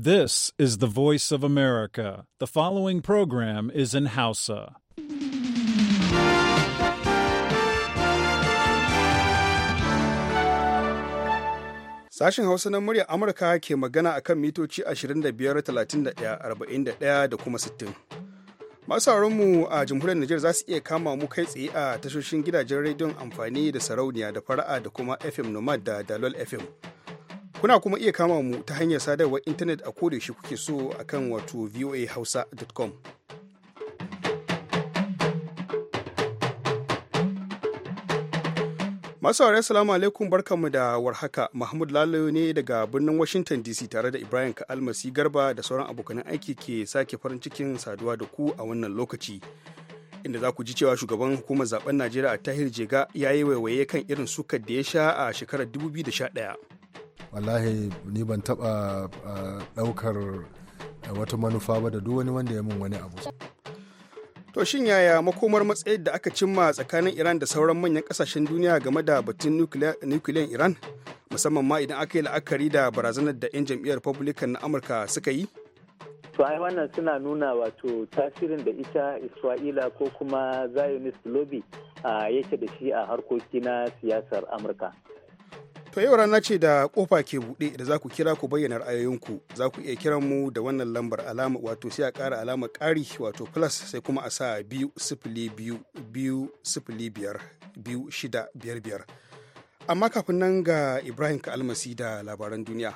This is the voice of America. The following program is in Hausa. Sashen Hausa na murya Amurka ke magana akan mitoci 25, 31, 41 da kuma 60. Masu mu a jamhuriyar Nijar za su iya kama mu kai tsaye a tashoshin gidajen rediyon amfani da sarauniya da fara'a da kuma FM Nomad da Dalol FM. Kuna kuma iya kama mu ta hanyar sadarwar intanet a kodayaushe kuke so a kan wato voahausa.com. Masu aure salamu alaikum barkanmu da warhaka Mahmud Lalo ne daga birnin Washington DC tare da Ibrahim Almasi Garba da sauran abokanan aiki ke sake farin cikin saduwa da ku a wannan lokaci. Inda za ku ji cewa shugaban hukumar zaben Najeriya a Tahir Jega ya yi waiwaye kan irin sukar da ya sha a shekarar 2011. wallahi ni ban taba ɗaukar wata manufa ba da duk wani wanda ya mun wani abu To shin yaya makomar matsayin da aka cimma tsakanin Iran da sauran manyan kasashen duniya game da batun nukiliyan Iran musamman ma idan aka yi la'akari da barazanar da 'yan jam'iyyar Republican na Amurka suka yi? To ai wannan suna nuna wato tasirin da ita Isra'ila ko kuma Zionist lobby yake da shi a harkoki na siyasar Amurka. To yau rana ce da kofa ke buɗe da za ku kira ku bayyana ra'ayoyinku za ku iya kiran mu da wannan lambar alama wato sai a ƙara alama ƙari wato plus sai kuma a sa biyu sifili biyu biyu sifili biyar biyu shida biyar biyar. Amma kafin nan ga Ibrahim Ka'almasi da labaran duniya.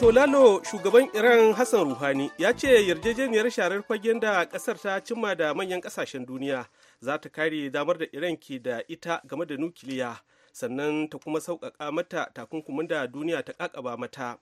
Wato Lalo shugaban Iran Hassan Ruhani ya ce yarjejeniyar sharar fagen da kasar ta cimma da manyan kasashen duniya za ta kare damar da Iran ke da ita game da nukiliya sannan ta kuma sauƙaƙa mata takunkumin da duniya ta ƙaƙaba mata.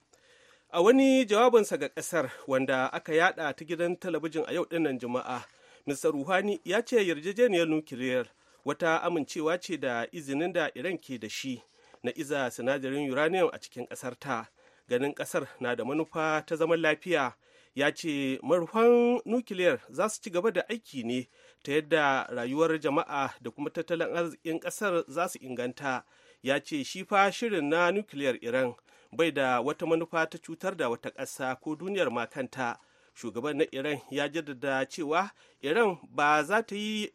A wani jawabinsa ga ƙasar wanda aka yada ta gidan talabijin a yau dinnan Juma'a, Mr. Ruhani ya ce yarjejeniyar nukiliyar wata amincewa ce da izinin da Iran ke da shi na iza sinadarin uranium a cikin ƙasar ta. ganin kasar na da manufa ta zaman lafiya ya ce marufan nukiliyar za su ci gaba da aiki ne ta yadda rayuwar jama'a da kuma tattalin arzikin kasar za su inganta ya ce shi fa shirin na nukiliyar iran bai da wata manufa ta cutar da wata ƙasa ko duniyar makanta shugaban na iran ya jaddada cewa iran ba za ta yi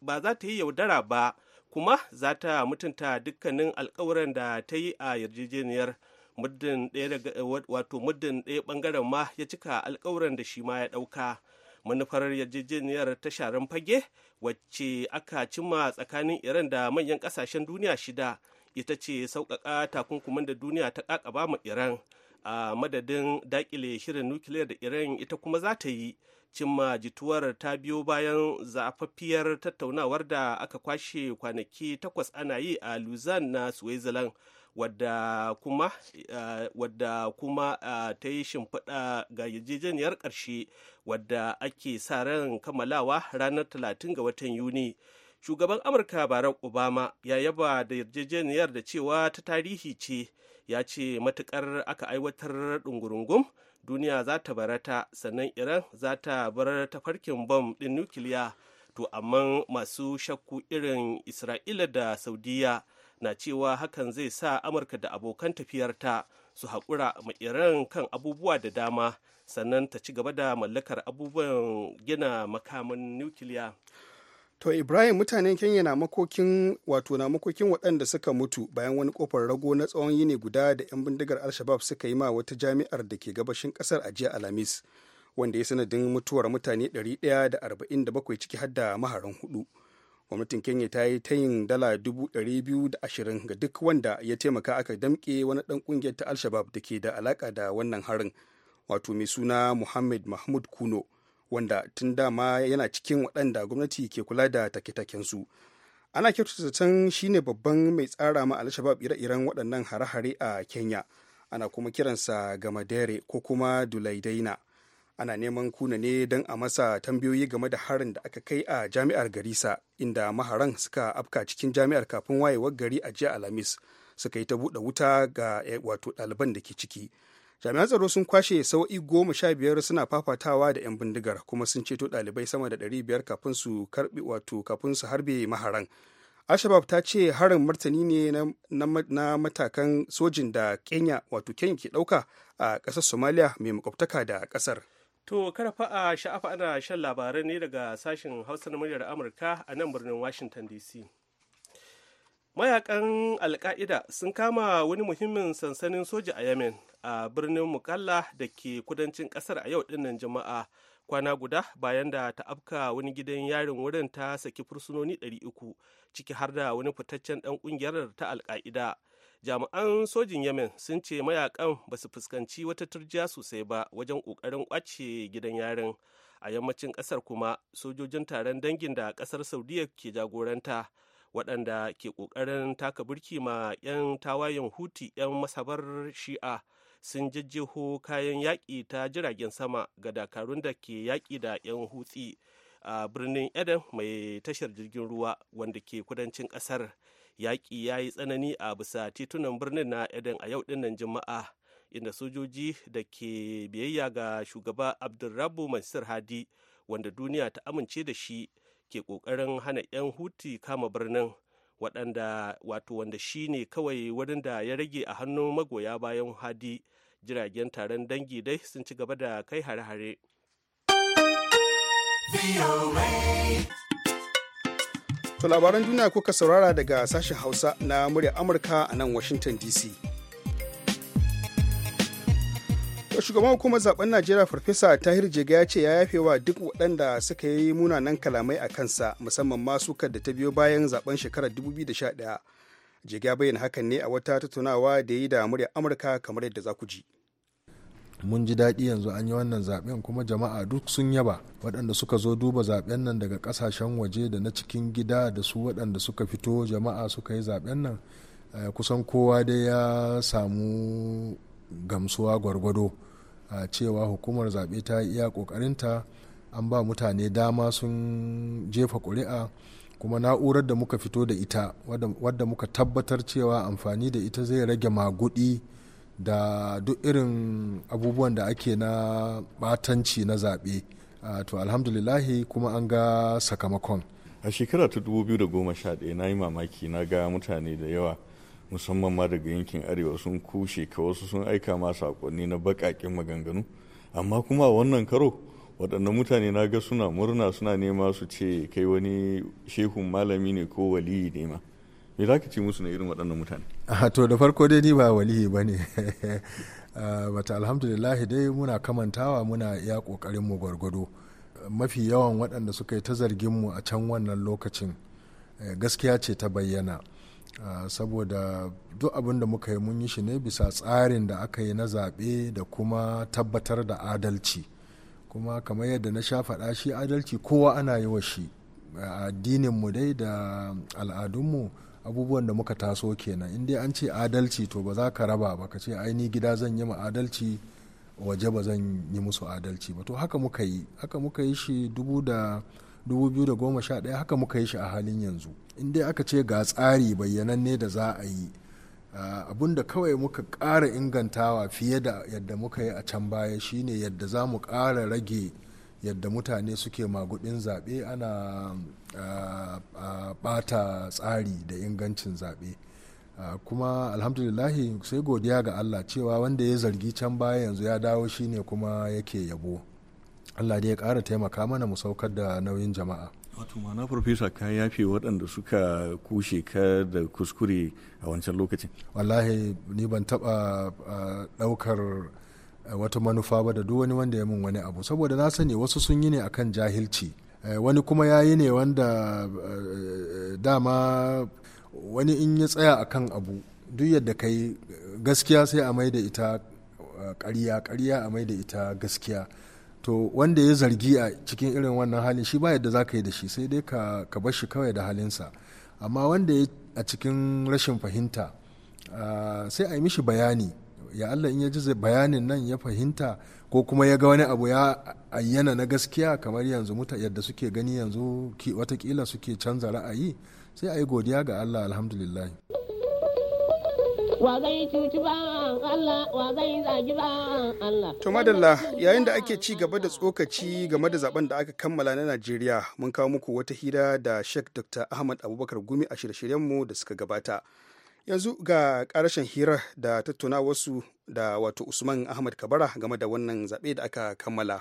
yaudara ba kuma za ta mutunta dukkanin alkawuran da ta yi a yarjejeniyar muddin ɗaya daga eh, wato muddin ɗaya ɓangaren ma ya cika alkawuran da shi ma ya ɗauka manufar yarjejeniyar ta sharan fage wacce aka cimma tsakanin iran da manyan ƙasashen duniya shida ita ce sauƙaƙa takunkumin da duniya ta ƙaƙaba ma iran a madadin daƙile shirin nukiliyar da iran ita kuma za ta yi cimma jituwar ta biyo bayan zafaffiyar tattaunawar da aka kwashe kwanaki takwas ana yi a luzan na switzerland wadda kuma eh, wadda eh, ta yi shimfiɗa ga yarjejeniyar ƙarshe wadda ake sa ran kammalawa ranar 30 ga watan yuni shugaban amurka barack obama ya yaba da yarjejeniyar da cewa ta tarihi ce ya ce matukar aka aiwatar ɗungurungum duniya za ta barata sannan iran za ta bar tafarkin bom ɗin nukiliya to amma masu shakku irin isra'ila da saudiya na cewa hakan zai sa amurka da abokan tafiyarta su haƙura ma kan abubuwa da dama sannan ta ci gaba da mallakar abubuwan gina makaman nukiliya to ibrahim mutanen kenya na makokin wato na makokin waɗanda suka mutu bayan wani kofar rago na tsawon yini guda da 'yan bindigar alshabab suka yi ma wata jami'ar da ke gabashin ƙasar a jiya alhamis wanda ya sanadin mutuwar mutane 147 ciki har da maharan hudu gwamnatin kenya ta yi tayin dala ashirin ga duk wanda ya taimaka aka damke wani ɗan ƙungiyar ta alshabab da ke da alaka da wannan harin wato mai suna muhammad mahmud kuno wanda tun dama yana cikin waɗanda gwamnati ke kula da take su. ana kyautata can shine babban mai tsara ma alshabab ire-iren waɗannan hare-hare a kenya ana kuma kiransa gamadere ko kuma dulaidaina ana neman kuna ne don a masa tambayoyi game da harin da aka kai a jami'ar garisa inda maharan suka afka cikin jami'ar kafin wayewar gari a jiya alhamis suka yi ta buɗe wuta ga eh, wato ɗaliban da ke ciki jami'an tsaro sun kwashe sau'i goma sha biyar suna fafatawa da 'yan bindigar kuma sun ceto ɗalibai sama da ɗari biyar kafin su karbi wato kafin su harbe maharan alshabab ta ce harin martani ne na, matakan sojin da kenya wato kenya ke ɗauka a ƙasar somalia mai makwabtaka da ƙasar To kada fa'a sha'afa ana shan labarai ne daga sashen Hausa na muryar Amurka a nan birnin Washington DC. Mayakan Alka'ida sun kama wani muhimmin sansanin soja a Yemen a birnin Mukalla da ke kudancin ƙasar a yau dinnan jama'a kwana guda bayan da ta afka wani gidan yarin wurin ta saki fursunoni 300 ciki har da wani fitaccen ɗan ƙungiyar ta Alka'ida. jami'an sojin yemen sun ce mayakan ba su fuskanci wata turjiya sosai ba wajen kokarin kwace gidan yarin a yammacin kasar kuma sojojin taron dangin da kasar saudiya ke jagoranta waɗanda ke kokarin taka burki ma 'yan tawayen huti 'yan masabar shi'a sun jejjeho kayan yaƙi ta jiragen sama ga dakarun da ke yaƙi da 'yan hutsi a birnin eden mai tashar jirgin ruwa wanda ke kudancin ƙasar yaƙi ya yi tsanani a bisa titunan birnin na eden a yau dinnan juma'a inda sojoji da ke biyayya ga shugaba abdulrabu mansur hadi wanda duniya ta amince da shi ke ƙoƙarin hana 'yan huti kama birnin waɗanda wato wanda shi ne kawai wurin da ya rage a hannun magoya bayan hadi jiragen taron dangi dai sun ci gaba da kai hare-hare. To labaran duniya kuka saurara daga sashen Hausa na murya Amurka a nan Washington DC. shugaban hukumar zaben najeriya farfesa tahir jega ya ce ya yafe wa duk waɗanda suka yi munanan kalamai a kansa musamman ma sukar da ta biyo bayan zaben shekarar 2011 jega bayyana hakan ne a wata tattaunawa da yi da muryar amurka kamar yadda za ku ji mun ji daɗi yanzu an yi wannan zaɓen kuma jama'a duk sun yaba waɗanda suka zo duba zaɓen nan daga ƙasashen waje da na cikin gida da su waɗanda suka fito jama'a suka yi zaɓen nan eh, kusan kowa dai ya samu gamsuwa gwargwado a eh, cewa hukumar zaɓe ta yi iya ƙoƙarinta an ba mutane dama sun jefa ƙuri'a kuma na'urar da muka fito da ita wadda muka tabbatar cewa amfani da ita zai rage magudi da duk irin abubuwan da ake na batanci na zaɓe to alhamdulillahi kuma an ga sakamakon a shekara ta 2011 na yi mamaki na ga mutane da yawa musamman ma daga yankin arewa sun kushe ka wasu sun aika ma sakonni na baƙaƙen maganganu amma kuma wannan karo waɗannan mutane na ga suna murna suna nema su ce kai wani shehun malami ne ko waliyi ne ma me za ka ce musu na irin waɗannan mutane to da farko dai ni ba walihi ba ne ah, bata alhamdulillah dai muna kamantawa muna iya ƙoƙarin mu gwargwado mafi yawan waɗanda suka yi ta zargin mu a can wannan lokacin eh, gaskiya ce ta bayyana ah, saboda duk abin da muka yi mun yi shi ne bisa tsarin da aka yi na zaɓe da kuma tabbatar da adalci kuma kamar yadda na sha faɗa shi adalci kowa ana yi wa shi addinin mu dai da al'adunmu abubuwan da muka taso kenan in dai an ce adalci to ba za ka raba ba ka ce aini gida zan yi ma adalci waje ba zan yi musu adalci ba to haka muka yi haka muka yi shi dubu da 2011 haka muka yi shi a halin yanzu in dai aka ce ga tsari bayyananne da za a yi abun da kawai muka ƙara ingantawa fiye da yadda muka yi a can baya shine yadda za mu ƙara rage yadda mutane suke magudin zaɓe ana ɓata tsari da ingancin zaɓe kuma alhamdulillahi sai godiya ga allah cewa wanda ya zargi can baya yanzu ya dawo shine kuma yake yabo allah dai ya kara taimaka mana mu saukar da nauyin jama'a wato mana farfesa ka yafe waɗanda suka kushe ka da kuskure a wancan lokacin wallahi ni ban taɓa ɗaukar Eh, wata manufa ba da duk wani wanda ya mun wani abu saboda na sani wasu sun yi ne akan jahilci eh, wani kuma ya yi ne wanda eh, dama wani in ya tsaya akan abu duk yadda kai gaskiya sai a mai da ita ƙarya ƙarya a mai da ita gaskiya to wanda ya zargi a cikin irin wannan halin shi ba yadda za ka yi da shi sai dai ka, ka bar shi kawai da halinsa amma wanda ya a cikin rashin fahimta sai a yi mishi bayani ya Allah in ya ji bayanin nan ya fahimta ko kuma ya ga wani abu ya ayyana na gaskiya kamar yanzu muta yadda suke gani yanzu watakila suke canza ra'ayi sai a yi godiya ga Allah alhamdulillah To madalla yayin da ake ci gaba da tsokaci game da zaben da aka kammala na Najeriya mun kawo muku wata hira da Sheikh Dr. Ahmad Abubakar Gumi a shirye-shiryenmu da suka gabata. yanzu ga ƙarashen hira da tattuna wasu da wato usman ahmad kabara game da wannan zaɓe da aka kammala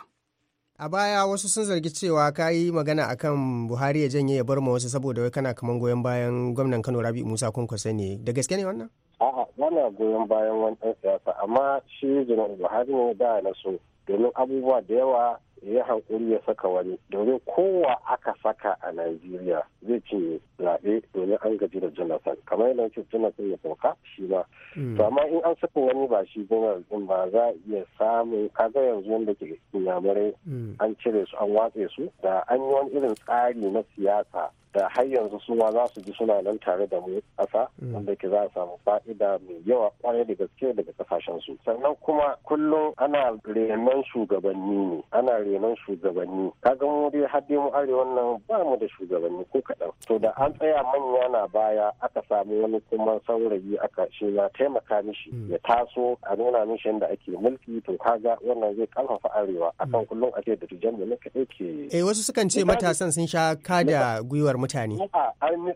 a baya wasu sun zargi cewa ka yi magana a kan buhari ya janye ya bar ma wasu saboda wai kana kaman goyon bayan gwamnan kano rabi musa kwankwasa ne da gaske ne wannan a'a yana goyon bayan wani ɗan siyasa amma shi janar buhari ne da na so domin abubuwa da yawa ya hankuri ya saka wani domin kowa aka saka a Najeriya zai cinye zaɓe domin an gaji da Jonathan kamar yadda ce Jonathan ya sauka shi ba. Hmm. To amma in an saka wani ba shi Donald din ba za a iya samun kaga yanzu wanda ke inyamurai hmm. an cire su an watse su da an yi wani irin tsari na siyasa da har yanzu su ma za su ji suna nan tare da mu ƙasa mm. wanda ke za a samu fa'ida mai yawa kwarai da gaske daga kasashen su sannan kuma kullum ana renon shugabanni ne ana renon shugabanni kaga mu dai har dai mu arewa nan ba mu da shugabanni ko kaɗan to da an tsaya manya na baya aka samu wani kuma saurayi aka shi ya taimaka mishi mm. ya taso a nuna mishi yadda ake mulki to kaga wannan zai ƙarfafa arewa akan mm. kullum a ce da tijan da muka eh wasu sukan ce matasan sun sha kada gwiwar mutane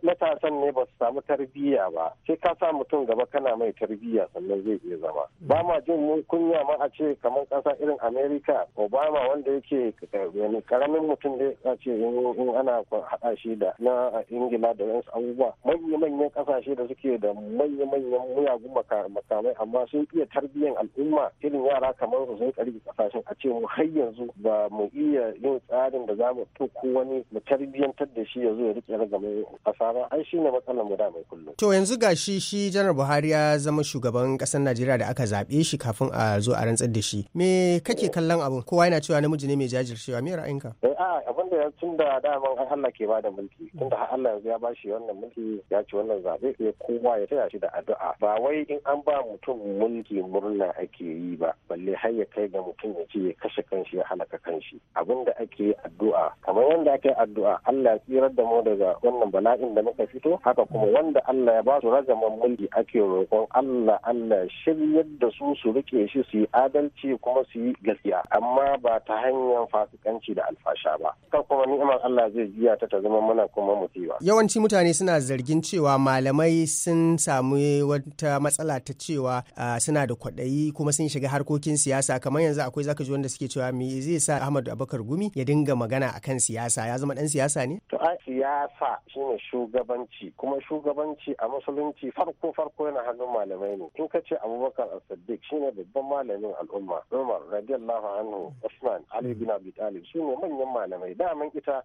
matasan ne ba su samu tarbiyya ba sai ka sa mutum gaba kana mai tarbiyya sannan zai iya zama ba ma jin mun kunya ma a ce kamar kasa irin america obama wanda yake karamin eh, mutum da ya ce in ana haɗa shi da na ingila da wasu abubuwa manya-manyan kasashe da suke da manya-manyan muyagun makamai amma sun iya tarbiyyan al'umma irin yara kamar su sun karbi kasashen a ce mu har yanzu ba mu iya yin tsarin da za mu tuku wani mu tarbiyyantar da shi ya rike ragamin kasa ba ai ne matsalar mu da mai kullum to yanzu ga shi shi janar buhari ya zama shugaban kasar najeriya da aka zaɓe shi kafin a zo a rantsar da shi me kake kallon abun kowa yana cewa namiji ne mai jajircewa me ra'ayinka eh a abin da tun da daman har Allah ke bada mulki tun da har Allah yanzu ya bashi wannan mulki ya ci wannan zaɓe sai kowa ya taya shi da addu'a ba wai in an ba mutum mulki murna ake yi ba balle har ya kai ga mutum ya ce ya kashe kanshi ya halaka kanshi abin da ake addu'a kamar yadda ake addu'a Allah ya tsirar da mu daga wannan bala'in da muka fito haka kuma wanda Allah ya ba su rajaman mulki ake roƙon Allah Allah shiryar da su su rike shi su yi adalci kuma su yi gaskiya amma ba ta hanyar fasikanci da alfasha ba kan kuma ni'imar Allah zai jiya ta ta zama mana kuma ba. yawanci mutane suna zargin cewa malamai sun samu wata matsala ta cewa suna da kwaɗayi kuma sun shiga harkokin siyasa kamar yanzu akwai zaka ji wanda suke cewa me zai sa Ahmad Abubakar Gumi ya dinga magana akan siyasa ya zama dan siyasa ne to a siyasa siyasa shine shugabanci kuma shugabanci a musulunci farko farko yana hannun malamai ne in ka ce abubakar as-siddiq shine babban malamin al'umma umar radiyallahu anhu usman ali bin abi talib shine manyan malamai daman ita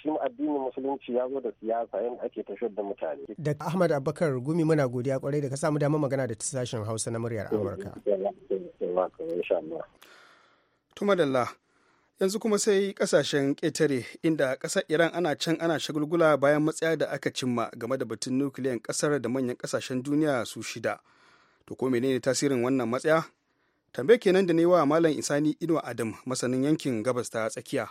shi addinin musulunci ya zo da siyasa yadda ake tashar da mutane da ahmad abubakar gumi muna godiya kwarai da ka samu damar magana da sashen hausa na muryar amurka tumadalla yanzu kuma sai kasashen ƙetare inda ƙasar iran ana can ana shagulgula bayan matsaya da aka cimma game da batun nukiliyan ƙasar da manyan ƙasashen duniya su shida to ko menene tasirin wannan matsaya tambaye kenan da ne wa malam isani inuwa adam masanin yankin gabas ta tsakiya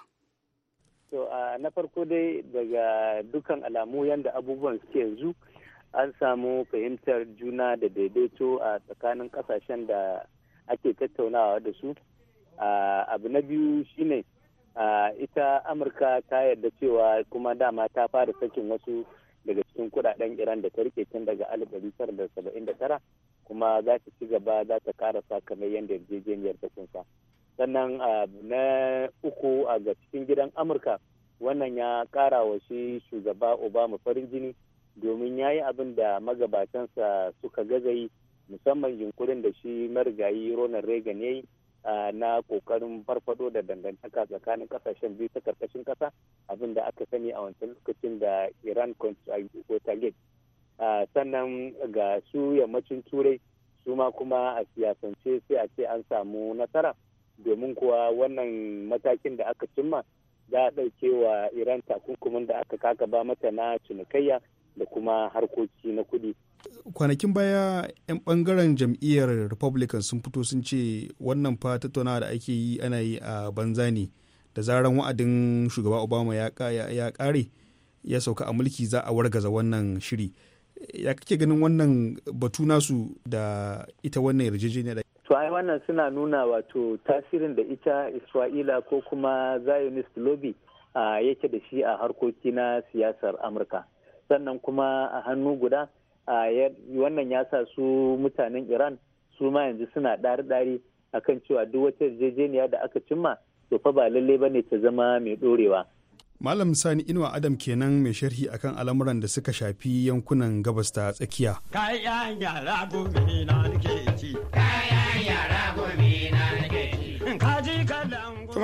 to na farko dai daga dukan alamu yadda abubuwan suke yanzu an samu fahimtar juna da daidaito a tsakanin kasashen da ake tattaunawa da su Ah, abu na biyu shine ah, ita amurka ta yarda cewa kuma dama ta fara sakin wasu daga cikin kudaden iran da ta rike tun daga 1979 kuma za ta ci gaba za ta karasa kamar yadda yarjejeniyar ta kunsa sannan ah, na uku a ga cikin gidan amurka wannan ya kara wa shi shugaba obama farin jini domin ya yi abin da magabatansa suka gaza yi musamman yunkurin da shi marigayi ronald reagan ya yi na kokarin farfado da dangantaka tsakanin kasashen biyu ta karkashin kasa abin da aka sani a wancan lokacin da iran watergate sannan ga su yammacin turai su ma kuma a siyasance sai a ce an samu nasara domin kuwa wannan matakin da aka cimma za a ɗauke wa iran takunkumin da aka kaka ba mata na cinikayya da kuma harkoki na kuɗi. kwanakin baya 'yan bangaren jam'iyyar republican sun fito sun ce wannan fa tattauna da ake yi ana yi a banza ne da zaran wa'adin shugaba obama ya kare ya sauka a mulki za a wargaza wannan shiri ya kake ganin wannan batu nasu da ita wannan yarjejeniya da to ai wannan suna nuna wato tasirin da ita isra'ila ko kuma zionist lobby yake da shi a harkoki na siyasar amurka sannan kuma a hannu guda wannan ya sa su mutanen iran su ma yanzu suna ɗari-ɗari kan cewa duk wata yarjejeniya da aka cimma to fa ba lalle ne ta zama mai ɗorewa. Malam Sani Inuwa Adam kenan mai sharhi akan al'amuran da suka shafi yankunan gabas ta tsakiya. yan gyara gobe na nake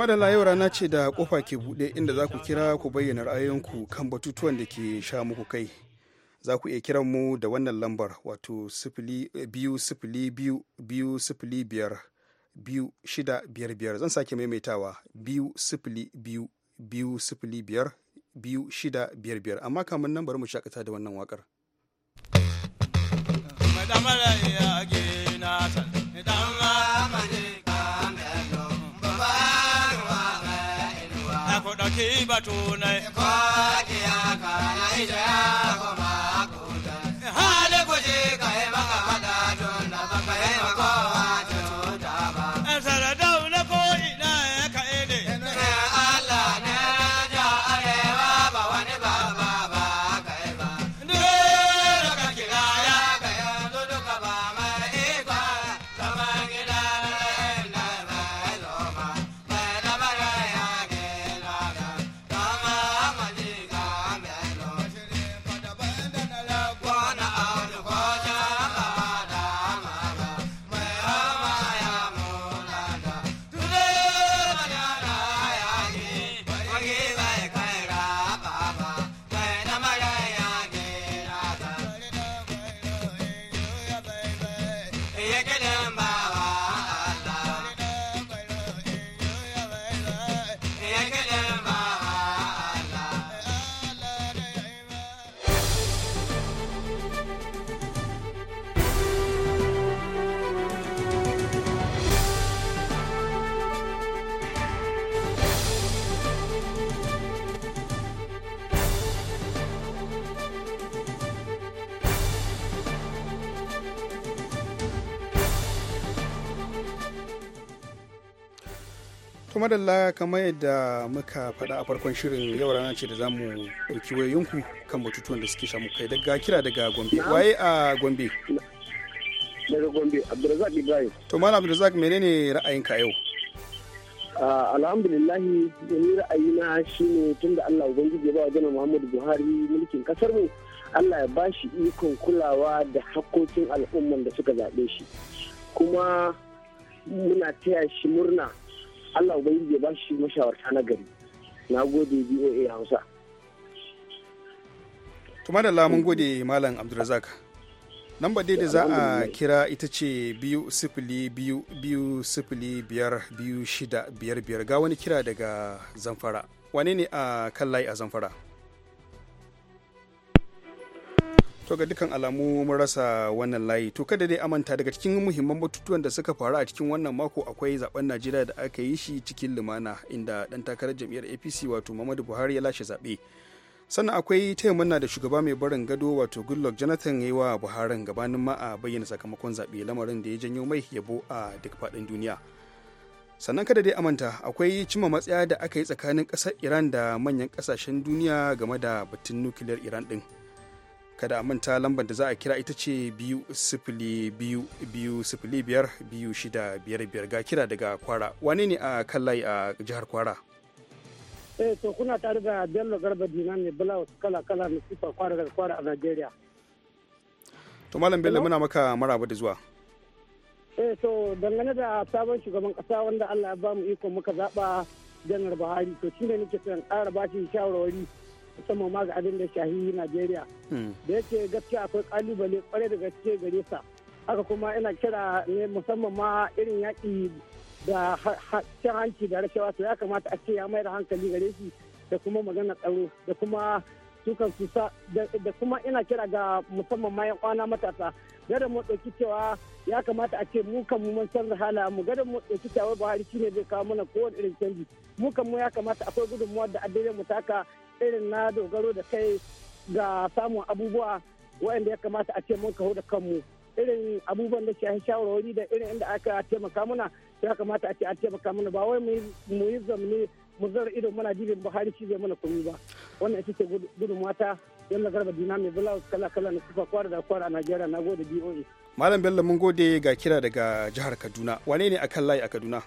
madalla yau rana ce da kofa ke bude inda za ku kira ku bayyana ra'ayoyinku kan batutuwan da ke sha muku kai. Za ku iya kiran mu da wannan lambar wato eh, biyu sifili biyu biyu sifili biyar biyu shida biyar biyar zan sake maimaitawa biyu sifili biyu biyu sifili biyar biyu shida biyar biyar amma kamun nan bari mu shakata da wannan wakar. Madamala ya gina ke bato na. Ẹ̀kọ́ kuma da kamar yadda muka faɗa a farkon shirin yau rana ce da zamu ɗauki wayoyinku kan batutuwan da suke shamu kai daga kira daga gombe waye a gombe daga gombe abdulrazak ibrahim to malam abdulrazak menene ra'ayinka yau alhamdulillahi ni ra'ayina shine tunda allah ubangiji ya ba wa jana muhammadu buhari mulkin kasar mu allah ya ba shi ikon kulawa da hakkokin al'umman da suka zaɓe shi kuma muna taya shi murna Allah bai yi ba shi mashawarta na gari na gode BOA Hausa tuma da lamun gode malam Abdulrazak namba dai da za a kira ita ce biyu sifili biyu biyu sifili biyar biyu shida biyar biyar ga wani kira daga zamfara wane ne a kan layi a zamfara to ga dukkan alamu mun rasa wannan layi to kada dai amanta daga cikin muhimman batutuwan da suka faru a cikin wannan mako akwai zaben najeriya da aka yi shi cikin lumana inda dan takarar jam'iyyar apc wato muhammadu buhari ya lashe zaɓe sannan akwai na da shugaba mai barin gado wato goodluck jonathan ya yi wa buharin gabanin ma a bayyana sakamakon zaɓe lamarin da ya janyo mai yabo a duk faɗin duniya sannan kada dai amanta akwai cima matsaya da aka yi tsakanin ƙasar iran da manyan ƙasashen duniya game da batun nukiliyar iran ɗin kada a manta lambar da za a kira ita ce biyu sifili biyu biyu sifili biyar biyu shida biyar biyar ga kira daga kwara wane ne a kallai a jihar kwara eh to kuna tare da bello garba dina ne blouse kala kala na super kwara daga kwara a nigeria to malam bello muna maka maraba da zuwa eh to dangane da sabon shugaban kasa wanda allah ya bamu iko muka zaba janar buhari to shine nake son kara bashi shawarwari musamman ma ga abin da shahi Najeriya. Hmm. Da yake gaskiya akwai kalubale kwarai da gaske gare sa. Haka kuma ina kira ne musamman ma irin yaƙi da cin hanci da rashawa to ya kamata a ce ya mayar hankali gare shi da kuma magana tsaro da kuma sukan su da kuma ina kira ga musamman ma 'yan kwana matasa gada mu ɗauki cewa ya kamata a ce mu kan mu mun san hala mu gada mu ɗauki cewa Buhari shine zai kawo mana kowane irin canji mu kan mu ya kamata akwai gudunmuwa da addinin mu taka irin na dogaro da kai ga samun abubuwa waɗanda ya kamata a ce mun kaho da kanmu irin abubuwan da an shawarwari da irin inda aka taimaka mana ya kamata a ce a taimaka mana ba wai mu yi zamani mu zara ido muna jibin buhari shi zai mana kuri ba wannan ita ce gudun mata yalla garba dina mai bula kala kala na kufa kwara da kwara a najeriya na gode boa malam bello mun gode ga kira daga jihar kaduna wane ne akan layi a kaduna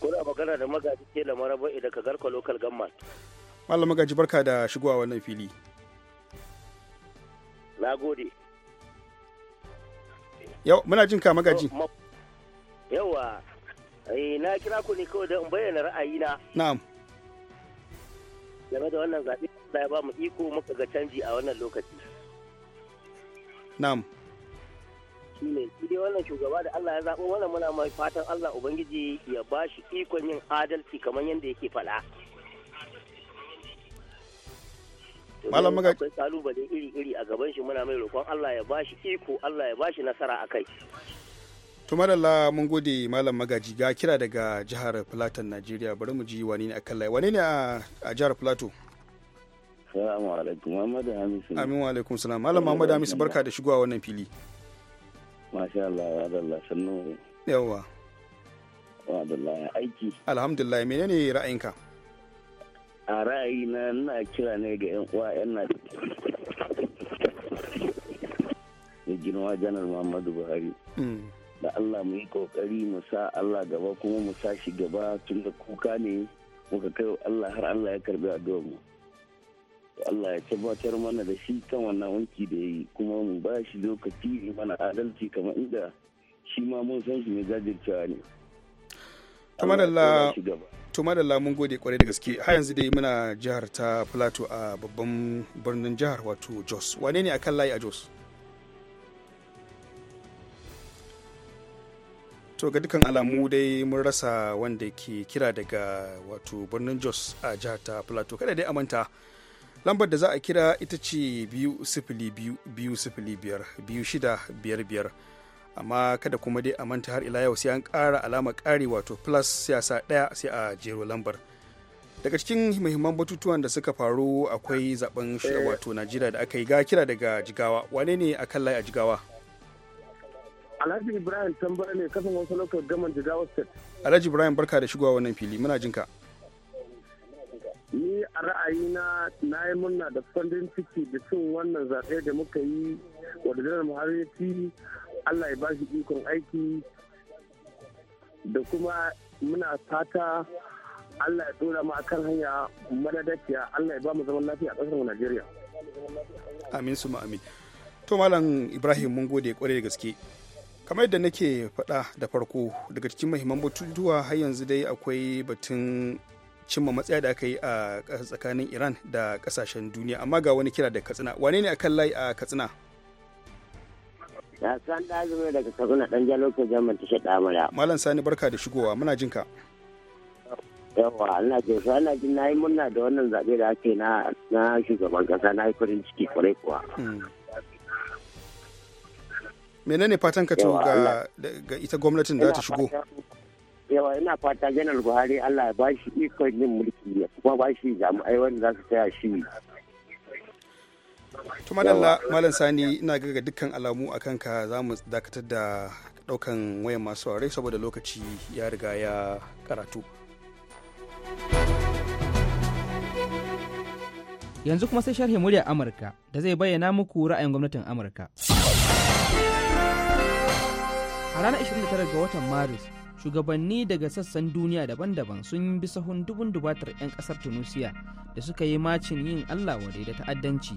kuna magana da magaji ke da maraba ka garka local government Malam Magaji, barka da shigowa wannan fili na gode yau muna jin ka magaji yawa eh, na kira ku ne kawai don in bayyana ra'ayina na'am game da wannan zaɓe da ya ba mu iko muka ga canji a wannan lokaci na'am shi ne shi dai wannan shugaba da Allah ya zaɓo wannan muna mai fatan Allah Ubangiji ya ba shi ikon yin adalci kamar yadda yake faɗa malam maga akwai kalubale iri-iri a gaban shi muna mai roƙon Allah ya bashi iko Allah ya bashi nasara a akai to madalla mun gode malam magaji ga kira daga jihar Plateau Nigeria bari mu ji wani ne akan layi wani ne a jihar Plateau Assalamu alaikum Muhammad Hamisu Amin wa alaikum salam malam Muhammad Hamisu barka da shigowa wannan fili Masha Allah ya Allah sannu yawa Alhamdulillah aiki Alhamdulillah menene ra'ayinka a ra'ayina na kira ne ga 'yan uwa 'yan na da girma janar muhammadu buhari mm. da allah mu yi kokari mu sa allah gaba kuma mu sa shi gaba tun da kuka ne muka kai allah har allah ya karbi a mu allah ya tabbatar mana da shi kan wannan wanki da ya yi kuma mu ba shi lokaci mana adalci kamar inda shi ma mun san shi mai jajircewa ne. Kamar Allah to madalla mun gode kwarai da gaske har yanzu dai muna jihar ta plateau a babban birnin jihar wato jos wane ne akan layi a jos to ga dukkan alamu dai mun rasa wanda ke kira daga wato birnin jos a jihar ta plateau kada dai amanta lambar da za a kira ita ce biyu sifili biyu biyu sifili biyar biyu shida biyar biyar amma kada kuma dai a manta har ila yau sai an ƙara alama ƙari wato plus sai a sa ɗaya sai a jero lambar daga cikin muhimman batutuwan da suka faru akwai zaben eh. wato najeriya da aka yi ga kira daga jigawa wane ne a kan layi a jigawa alhaji ibrahim tambara ne kasan wasu lokacin gaman jigawa state alhaji ibrahim barka da shigowa wannan fili muna jinka ni a ra'ayina na yi murna da farin ciki da cin wannan zaɓe da muka yi wa da janar muhammadu Allah ya ba shi ikon aiki da kuma muna fata Allah ya dora mu akan hanya madadaciya Allah ya ba mu zaman lafiya a ƙasar mu Najeriya. Amin su amin. To Malam Ibrahim mun gode kwarai da gaske. Kamar yadda nake faɗa da farko daga cikin mahimman batutuwa har yanzu dai akwai batun cimma matsaya da aka yi a tsakanin Iran da ƙasashen duniya amma ga wani kira da Katsina. Wane ne akan layi a Katsina? Na san da azumi daga Kaduna dan jalo ke jama'a ta shaɗa mala. Malam Sani barka da shigowa muna jin ka. Yawa ina jin so ana jin nayi murna da wannan zaɓe da ake na na shugaban kasa na yi farin ciki kwarai kuwa. Hmm. Menene fatan ka to ga ita gwamnatin da ta shigo? yawa ina fata janar buhari allah ya shi ikon yin mulki ya kuma ba bashi jami'ai wanda za su taya shi to malam sani ina ga dukkan alamu a kanka za mu dakatar da daukan wayan masu ware saboda lokaci ya riga ya karatu yanzu kuma sai sharhi murya amurka da zai bayyana muku ra'ayin gwamnatin amurka a ranar 29 ga watan maris shugabanni daga sassan duniya daban-daban sun bi sahun dubun dubatar 'yan kasar tunisia da suka yi macin yin allah wadai da ta'addanci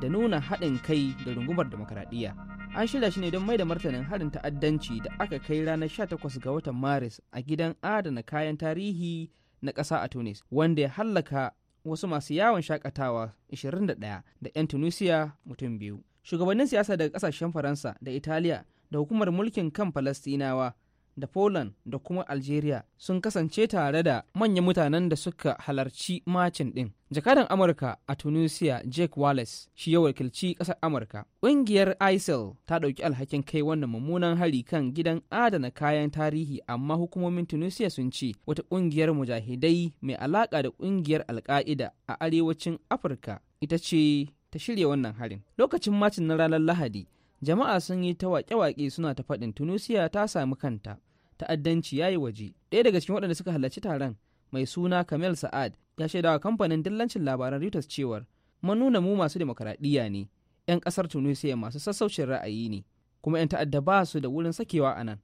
da nuna haɗin kai da rungumar demokaradiyya an shirya shi ne don mai da martanin harin ta'addanci da aka kai ranar 18 ga watan maris a gidan adana kayan tarihi na ƙasa a tunis wanda ya hallaka wasu masu yawon shakatawa 21 da 'yan tunisia mutum biyu shugabannin siyasa daga ƙasashen faransa da italiya da hukumar mulkin kan falastinawa da Poland da kuma Algeria sun kasance tare da manyan mutanen da suka halarci macin ɗin. Jakadan Amurka a Tunisia Jake Wallace shi ya wakilci ƙasar Amurka. Ƙungiyar ISIL ta ɗauki alhakin kai wannan mummunan hari kan gidan adana kayan tarihi amma hukumomin Tunisia sun ce wata ƙungiyar mujahidai mai alaƙa da ƙungiyar Alƙa'ida a arewacin Afirka ita ce ta shirya wannan harin. Lokacin macin na ranar Lahadi, jama'a sun yi ta waƙe-waƙe suna ta faɗin tunisia ta sami kanta ta'addanci ya yi waje ɗaya daga cikin waɗanda suka halarci taron mai suna kamel sa'ad ya shaidawa kamfanin dillancin labaran reuters cewar mun nuna mu masu demokaradiyya ne 'yan ƙasar tunisia masu sassaucin ra'ayi ne kuma 'yan ta'adda ba su da wurin sakewa a nan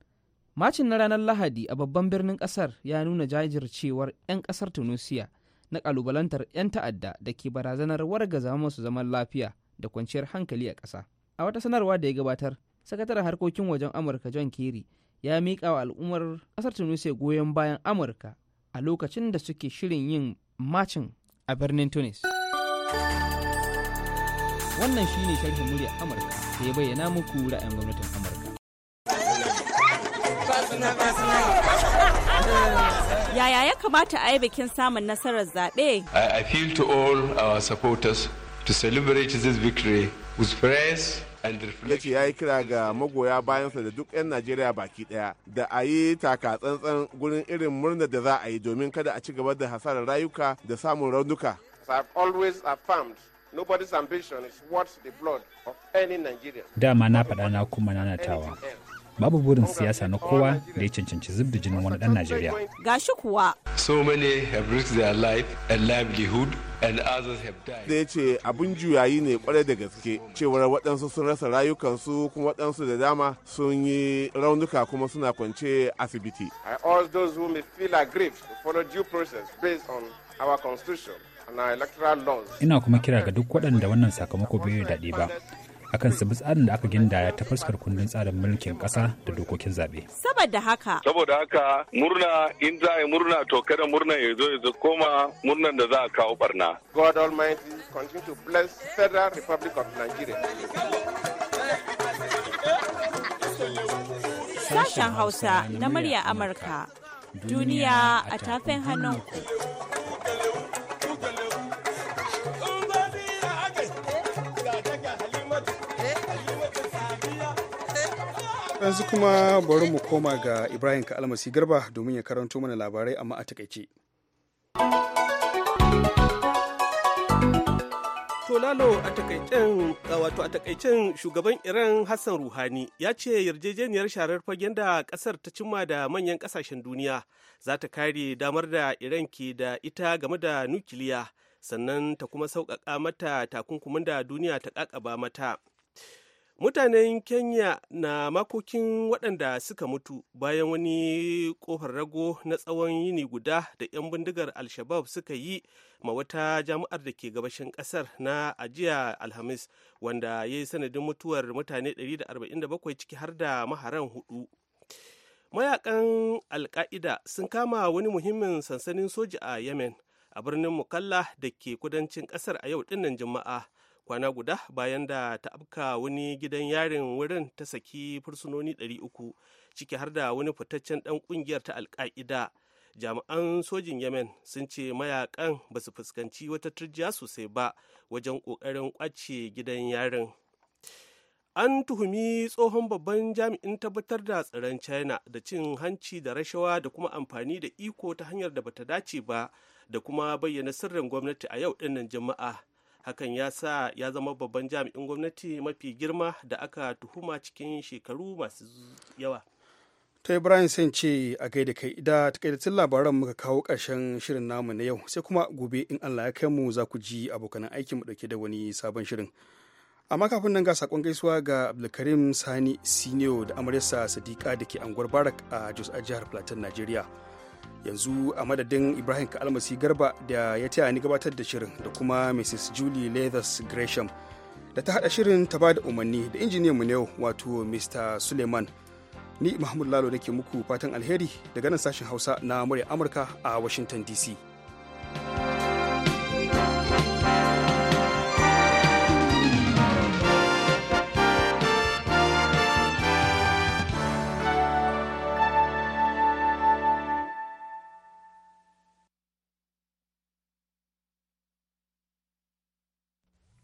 macin na ranar lahadi a babban birnin ƙasar ya nuna jajircewar 'yan ƙasar tunisia na ƙalubalantar 'yan ta'adda da ke barazanar wargaza masu zaman lafiya da kwanciyar hankali a ƙasa a wata sanarwa da ya gabatar sakataren harkokin wajen amurka john kerry ya miƙa wa al'ummar ƙasar tunisia goyon bayan amurka a lokacin da suke shirin yin macin a birnin tunis wannan shine sharhin murya amurka da ya bayyana muku ra'ayin gwamnatin amurka yaya ya kamata a yi bikin samun nasarar zaɓe? i appeal to all our supporters to celebrate this victory with ya ce ya yi kira ga magoya bayansa da duk 'yan najeriya baki daya da a yi taka tsantsan gurin irin murnar da za a yi domin kada a ci gaba da hasarar rayuka da samun raunuka Dama na faɗa na kuma nanatawa. babu burin siyasa na kowa da ya cancanci zub da jinin wani dan Najeriya. Gashi kuwa. So many have risked their life and livelihood and others have died. Da ya ce abin juyayi ne kwarai da gaske cewar waɗansu sun rasa rayukansu kuma waɗansu da dama sun yi raunuka kuma suna kwance asibiti. I urge those who may feel aggrieved to follow due process based on our constitution. Ina kuma kira ga duk waɗanda wannan sakamako bai daɗi ba akan su da aka gindaya ta fuskar kundin tsarin mulkin kasa da dokokin zabe. Saboda haka. Saboda haka murna in za a murna to kada murna ya zo ya koma murnan da za a kawo barna. God Almighty continue to bless Federal Republic of Nigeria. Sashen Hausa na murya Amurka. Duniya a tafin ku yanzu kuma bari mu koma ga ibrahim ka almasi garba domin ya karanto mana labarai amma a takaice To a takaicen wato a takaicen shugaban Iran Hassan Ruhani ya ce yarjejeniyar sharar fagen da kasar ta cimma da manyan kasashen duniya za ta kare damar da Iran ke da ita game da nukiliya sannan ta kuma sauƙaƙa mata takunkumin da duniya ta ƙaƙaba mata. mutanen kenya na makokin waɗanda suka mutu bayan wani ƙofar rago na tsawon yini guda da 'yan bindigar al-shabab suka yi ma wata jami'ar da ke gabashin ƙasar na ajiya alhamis wanda ya yi sanadin mutuwar mutane 147 ciki har da maharan hudu mayakan alka'ida sun kama wani muhimmin sansanin soja a yemen a birnin mukalla da ke kudancin ƙasar a yau dinnan juma'a kwana guda bayan da ta afka wani gidan yarin wurin ta saki fursunoni 300 ciki har da wani fitaccen dan kungiyar ta alka'ida jami'an sojin yemen sun ce mayakan ba su fuskanci wata turjiya sosai ba wajen kokarin kwace gidan yarin an tuhumi tsohon babban jami'in tabbatar da tsaron china da cin hanci da rashawa da kuma amfani da iko ta hanyar da bata dace ba da kuma bayyana sirrin gwamnati a yau dinnan jama'a hakan ya sa ya zama babban jami'in gwamnati mafi girma da aka tuhuma cikin shekaru masu yawa ta ibrahim sun ce a kai da kai da takaitattun labaran muka kawo ƙarshen shirin namu na yau sai kuma gobe in allah ya kai mu za ku ji abokan aikin mu dauke da wani sabon shirin amma kafin nan ga sakon gaisuwa ga abdulkarim sani sinio da amaryarsa sadiqa da ke anguwar barak a jos a jihar plateau najeriya yanzu a madadin ibrahim kalmasi garba da ya taya ni gabatar da shirin da kuma mrs julie leathers gresham da ta hada shirin ta ba da umarni da injiniyan mu yau wato mr suleiman ni mahmud lalo nake muku fatan alheri daga nan sashen hausa na murya amurka a washington dc